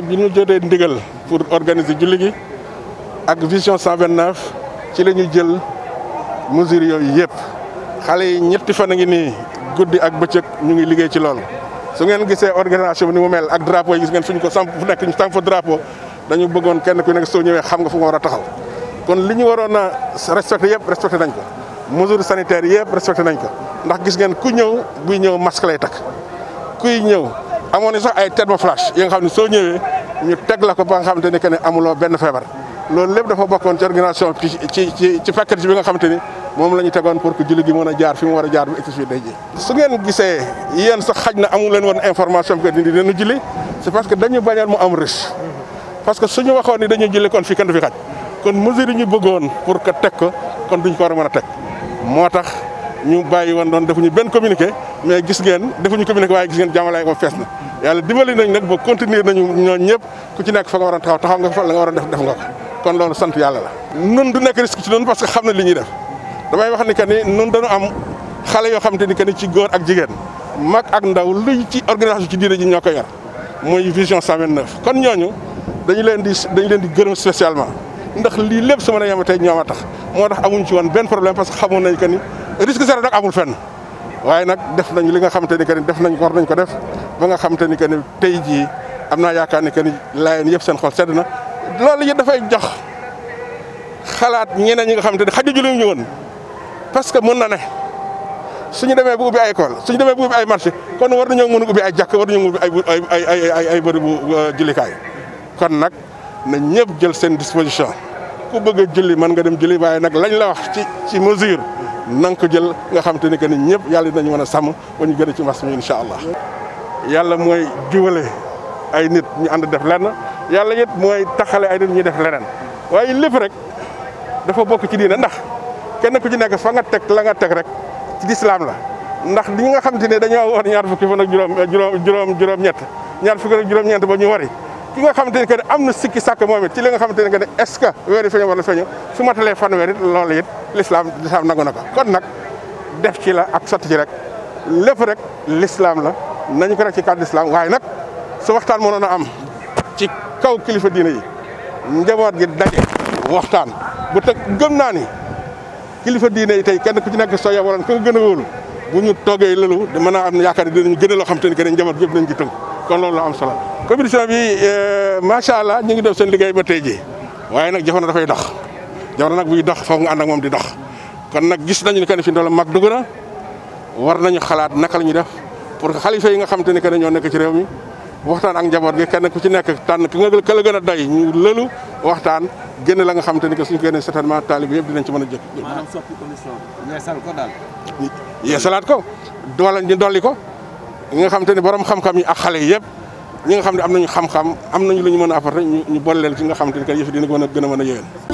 bi ñu jotee ndigal pour organiser julli gi ak vision 129 ci la ñu jël mesures yooyu yëpp xale yi ñetti fan a ngi nii guddi ak bëccëg ñu ngi liggéey ci lool su ngeen gisee organisation bi ni mu mel ak drapeau yi gis ngeen fu ñu ko samp fu nekk ñu samp fa drapeau dañu bëggoon kenn ku nekk soo ñëwee xam nga fu nga war a taxaw kon li ñu waroon a respecté yëpp respecté nañ ko mesures sanitaire yëpp respecté nañ ko ndax gis ngeen ku ñëw buy ñëw masque lay takk kuy ñëw. amoon na sax ay thermoflash yi nga xam ne soo ñëwee ñu teg la ko ba nga xamante ni que amuloo benn feebar loolu lépp dafa bokkoon ci organisation ci ci ci ci package bi nga xamante ni moom la ñu tegoon pour que julli gi mën a jaar fi mu war a jaar bu egsi ngeen gisee yéen sax xaj na amu leen woon information bi que ni dinañu julli c'est que dañu bañoon mu am risque parce que suñu waxoon ni dañuy julli kon fii kenn du fi xaj kon mesure yi ñu bëggoon pour que teg ko kon duñ ko war a mën a teg moo tax. ñu bàyyi woon doon defuñu benn communiqué mais gis ngeen defuñu communiqué waaye gis ngeen jàmmalaay moom fees na yàlla dimbali nañ nag ba continuer nañu ñoo ñëpp ku ci nekk fa nga war a taxaw taxaw nga fa la nga war a def def nga ko kon loolu sant yàlla la nun du nekk risque ci noonu parce que xam na li ñuy def damay wax ni que ni nun dañu am xale yoo xamante ni que ni ci góor ak jigéen mag ak ndaw luñ ci organisation ci diine ji ñoo ko yor muy vision 129 kon ñooñu dañu leen di dañu leen di gërëm spécialement ndax lii lépp su mën a yem a tax moo woon benn problème parce que xamoon nañ que ni risque zéro nag amul fen waaye nag def nañ li nga xamante ni que def nañ war nañ ko def ba nga xamante ni que ni tey jii am naa yaakaar ni que ni laayeen yëpp seen xol sedd na loolu it dafay jox xalaat ñeneen ñi xam xamante ni xaju ju ñu woon parce que mën na ne suñu demee bu ubbi ay école suñu demee bu ubbi ay marché kon war nañoo mën a ubbi ay jàkk war nañoo mën ay ay ay ay ay bëri euh, kon nag na ñëpp jël seen disposition ku bëgg a julli mën nga dem julli waaye nag lañ la wax ci ci mesure nan ko jël nga xam te ne que ñëpp yàlla dinañ mën a sàmm ba ñu gën ci mbas mi incha allah. yàlla mooy jiwale ay nit ñu ànd def lenn yàlla it mooy taxale ay nit ñuy def leneen waaye lépp rek dafa bokk ci diine ndax kenn ku ci nekk fa nga teg la nga teg rek ci lislaam la ndax li nga xam te ne dañoo war ñaar fukki fan ak juróom juróom juróom-ñett ñaar fukki fan juróom-ñeent ba ñu wari. ki nga xamante ne que am na sikki sàkk moom it ci li ne que ne est-ce que weer yi feeñu na ko kon def ci la ak sotti ci rek lépp rek l'islam la nañu ko rek ci cadre waaye nag su waxtaan a am ci kaw kilifa diine yi njaboot gi daje waxtaan bu teg gëm naa ni kilifa diine yi tey kenn ku ci nekk soo yebaloon ku nga gën a bu ñu toogee loolu mën a am yaakaar ne dinañu gën a xam te ne njaboot yëpp nañ ci tënk kon loolu la am solo commission bi euh, macha allah ñu ngi def seen liggéey ba tey jii waaye nag jamono dafay dox jamono nag buy dox foog nga ànd ak moom di dox kon nag gis nañu ne que mag dugg na war nañu xalaat naka la ñuy def pour que xalifa yi nga xam te ne que ne ñoo nekk ci réew mi waxtaan ak njaboot gi kenn ku ci nekk tànn ki nga ka la gën a doy ñu lëlu waxtaan génn la nga xam te ne que suñu génnee certainement taalibe yëpp dinañ ci mën a jëkk. maanaam soppi commission yeesal ko daal. yeesalaat ko doole ñu dolli ko. ñi nga xam te ne borom xam-xam yi ak xale yëpp ñi nga xam ne am nañu xam-xam am nañu lu ñu mën a apporter ñu boole leen ci nga xam te ne kat yëf dina ko mën a gën a mën a yéwén